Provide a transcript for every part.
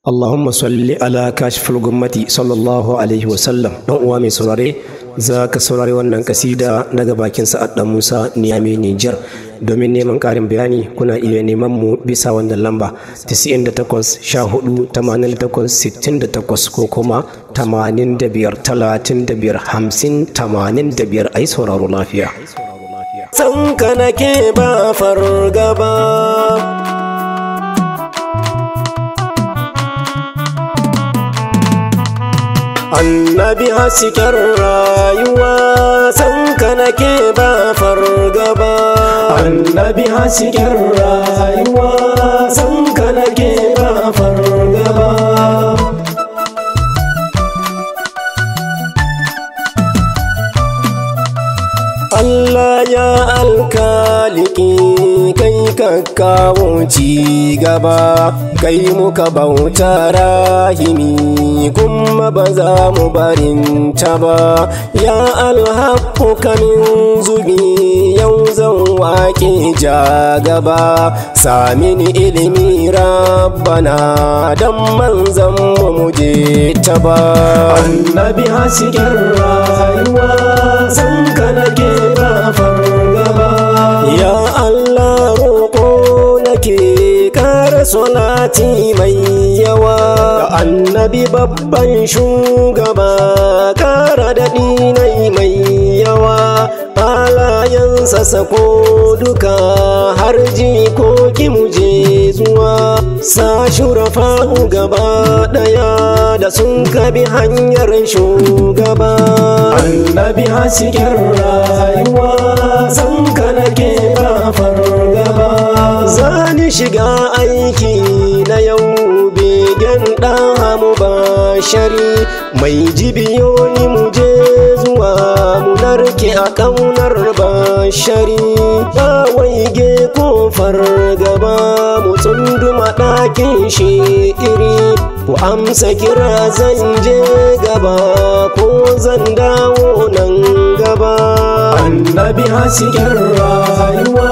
Allahumma salli ala kashful gummati sallallahu alaihi wasallam dan uwa mai saurare za ka saurari wannan kasida daga bakin sa'ad dan Musa Niyami Niger domin neman karin bayani kuna iya neman mu bisa wannan lamba 98 14 ko kuma 85 35 ai sauraro lafiya san ka nake ba fargaba annabi hasken rayuwa san ka nake ba fargaba annabi hasken rayuwa san ka nake ba fargaba Allah ya alkaliki kai kakkawo ci gaba kai muka bauta rahimi kuma ba za mu barin ta ba ya alhaku kamin zubi yau zan ja gaba samini ilimi rabbana dan manzan mu muje ta ba annabi hasken rayuwa san ka ke ba fargaba ya Allah roƙo nake ƙara salati mai yawa annabi babban shugaba kara daɗi nai mai yawa halayensa sako duka har jikoki muje zuwa sa shurafa gaba ɗaya da sun bi hanyar shugaba annabi hasikin rayuwa san ka ke ba fargaba zani shiga aiki bashari mai jibiyoyi mu je zuwa mu narke a kaunar bashari wai ge kofar gaba mu tsunduma ɗakin shi iri ku amsa kira zan je gaba ko zan dawo nan gaba annabi hasikin rayuwa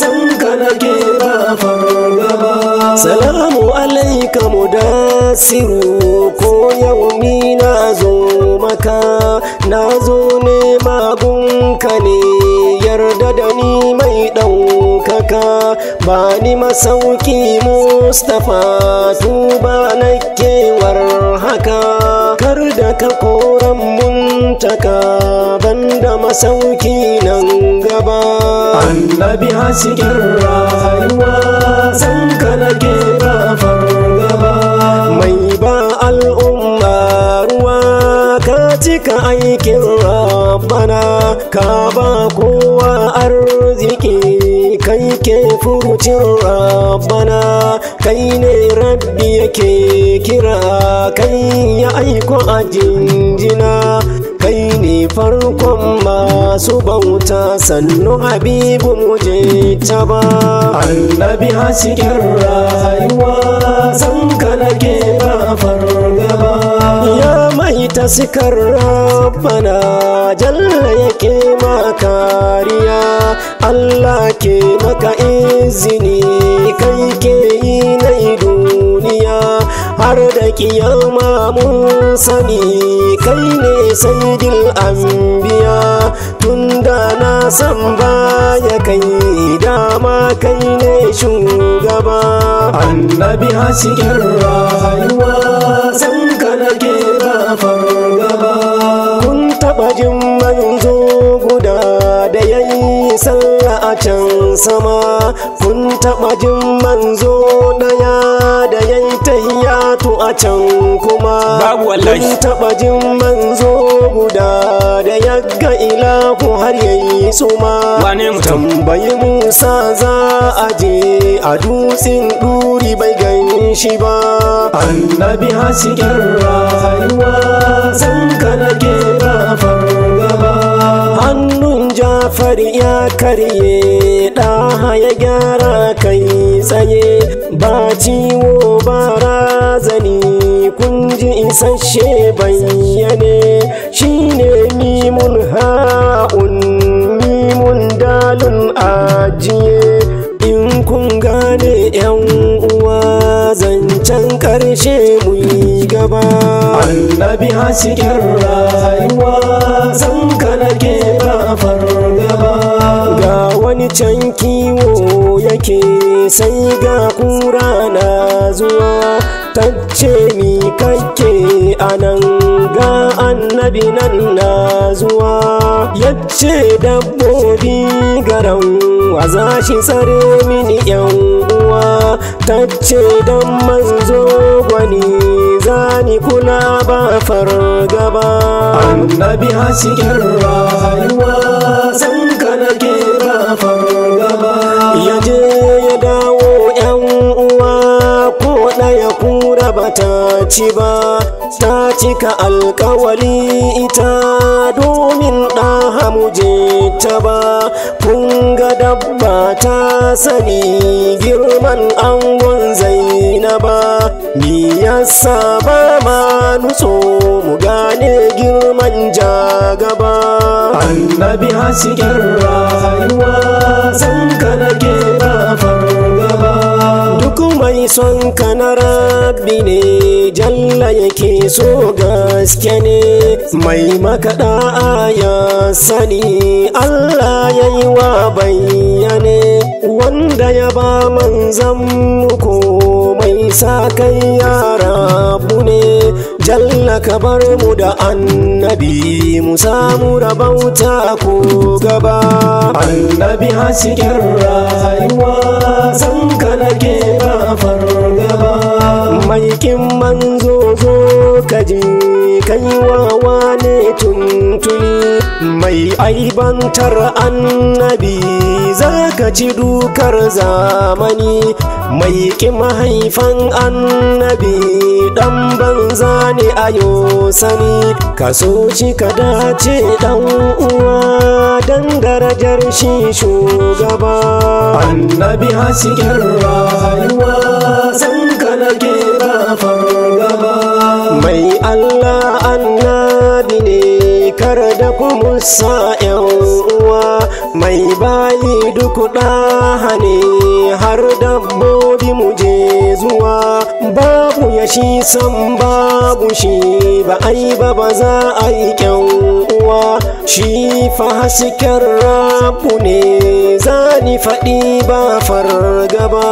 san ka nake ba gaba, salamu alaikamu mu da nasiru ko yaumi na zo maka na zo ne magunka ne yarda da ni mai ɗaukaka ba ni masauki mustapha tuba na kewar haka kar da ka koran muntaka da masauki nan gaba annabi hasken rayuwa zan cika aikin rabana, ka ba kowa arziki kai ke furucin rabbana kai ne rabbi yake kira kai ya aiko a jinjina kai ne farkon masu bauta sannu habibu muje ta ba annabi hasken rayuwa san ka nake ba sikar rabbana jalla yake maka kariya Allah ke maka izini kai ke yi na duniya har da kiyama mun sani kai ne saidil anbiya tunda na san baya kai dama kai ne shugaba annabi hasikar rayuwa taɓa jin manzo guda da ya yi sallah a can sama kun taɓa jin manzo ɗaya da ya yi tahiyatu a can kuma kun taɓa jin manzo guda da ya ga ilahu har ya yi suma wane tambayi musa za a je a dutsen duri bai gan shi ba annabi hasken rayuwa zan kafar ya karye ɗa ya gyara kai tsaye ba ciwo ba razani kun ji isasshe bayyane ne mimun ha'un mimun dalun ajiye in kun gane yan uwa zancen ƙarshe mu yi gaba annabi hasken rayuwa zan can kiwo yake sai ga kura na zuwa tacce mi kake anan ga annabi nan na zuwa yace dabbobi garan waza shi sare mini yan uwa tacce dan manzo gwani zani kula ba fargaba annabi hasken rayuwa ta ci ba ta cika alkawari ita domin ɗan hamuje ta ba kun ga dabba ta sani girman angon zainaba ni yasa ba ma nutso mu gane girman jagaba annabi hasken rayuwa son ka na rabbi ne jalla yake so gaske ne mai makaɗa ya sani Allah ya yi wa bayyane wanda ya ba manzan muku mai sa kai yara ne jalla ka bar mu da annabi mu samu rabauta ko gaba annabi hasken rayuwa san kana cikin manzo zo kaji kai wawa ne tuntuni mai aibantar annabi za ka ci dukar zamani mai ki mahaifan annabi dan banza ne ayo sani ka so shi ka dace dan uwa dan darajar shi shugaba annabi hasikin rayuwa musa yan uwa mai bayi duk hane har dabbobi mu je zuwa babu ya shi san babu shi ba ai ba ba za a yi uwa shi fa hasken rabu ne zani faɗi ba fargaba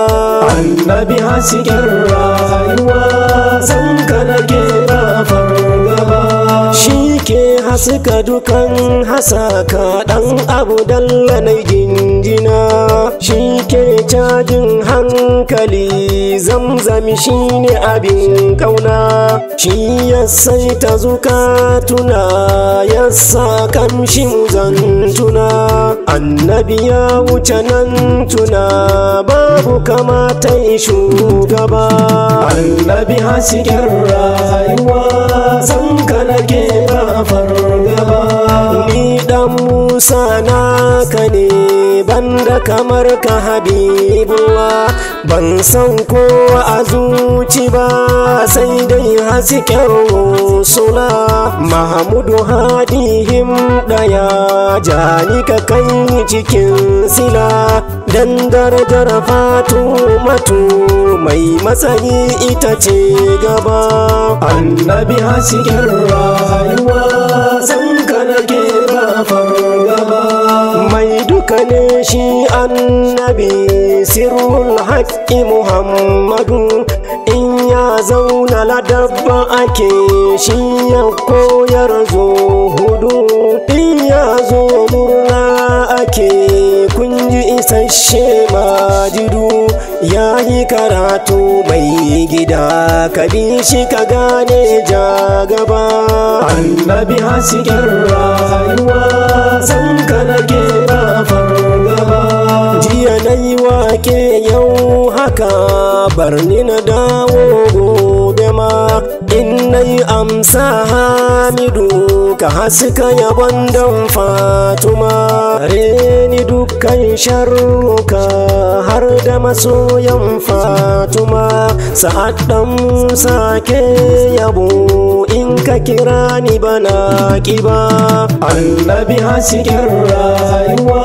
annabi hasken rayuwa suka dukan hasaka dan abu dalla na jinjina. shi ke cajin hankali zamzami shi ne abin kauna shi ya saita tuna, ya sa kamshin zantuna annabi ya wuce nan tuna babu kamata shugaba annabi hasken rayuwa sana ka ne banda kamar ka habibullah ban san kowa a zuci ba sai dai hasken sula mahamudu hadihim daya jani ka kai cikin sila dan darajar fatu matu mai matsayi ita ce gaba annabi hasken rayuwa hakanin shi annabi sirrul haƙƙi muhammadu in ya zauna ladabba ake shi ya koyar zuhudu in ya zo murna ake kunji isasshe majidu ya yi karatu mai gida ka bi shi ka gane ja gaba annabi hasken rayuwa jiya na yi wake yau haka bar ni na dawo gobe ma in na yi amsa hamidu ka haska yabon don fatuma reni dukkan sharruka har da masoyan fatuma sa'ad dan musa ke yabo in ka kira ni bana ƙiba annabi hasken rayuwa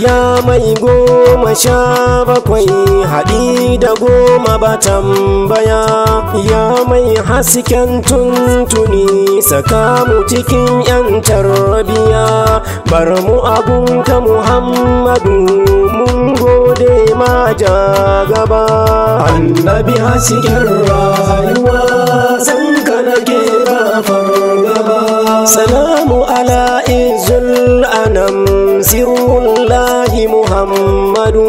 ya mai goma sha bakwai haɗi da goma ba tambaya ya mai hasken tuntuni saka mu cikin yan tarbiya bar mu ka muhammadu mun gode ma ja gaba annabi hasken rayuwa san ka nake ba fargaba salamu ala izul anam sirurr laahi muhammadu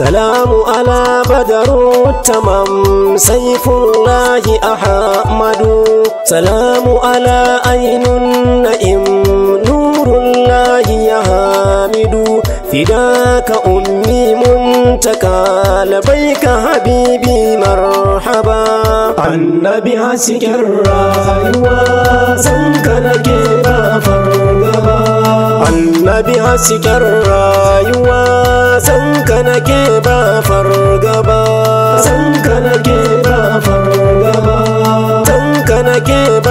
salamu ala bada rottaman saifurlaahi ahmadu salamu ala aynun na'im nururr ya hamidu fida ka ummi mumtaka da habibi marhaba. allah bi ha cikin rayuwa san ka nake ba fargaba san ka nake ba fargaba san ka ke ba